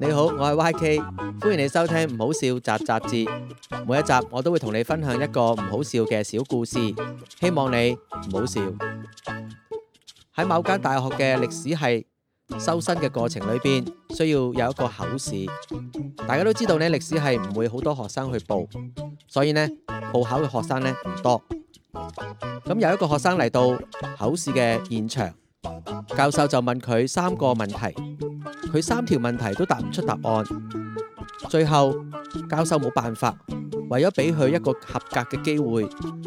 你好，我係 YK，歡迎你收聽唔好笑雜雜誌》習習。每一集我都會同你分享一個唔好笑嘅小故事，希望你唔好笑。喺某間大學嘅歷史系修身嘅過程裏邊，需要有一個口試。大家都知道呢歷史系唔會好多學生去報，所以呢，報考嘅學生呢唔多。咁有一個學生嚟到考試嘅現場，教授就問佢三個問題。佢三條問題都答唔出答案，最後教授冇辦法，為咗俾佢一個合格嘅機會，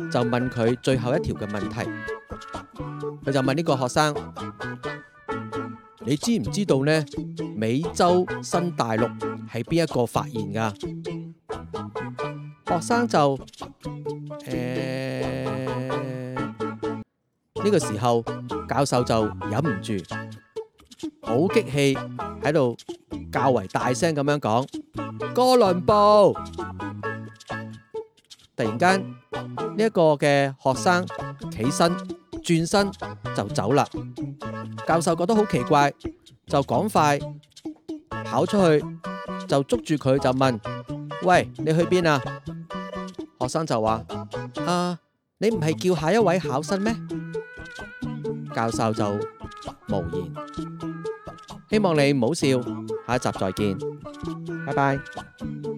就問佢最後一條嘅問題。佢就問呢個學生：你知唔知道呢，美洲新大陸係邊一個發現噶？學生就誒呢個時候教授就忍唔住，好激氣，喺度較為大聲咁樣講：「哥倫布！」突然間呢一個嘅學生起身轉身就走啦。教授覺得好奇怪，就趕快跑出去就捉住佢就問：「喂，你去邊啊？」學生就話：「啊，你唔係叫下一位考生咩？」教授就無言。希望你唔好笑，下一集再見，拜拜。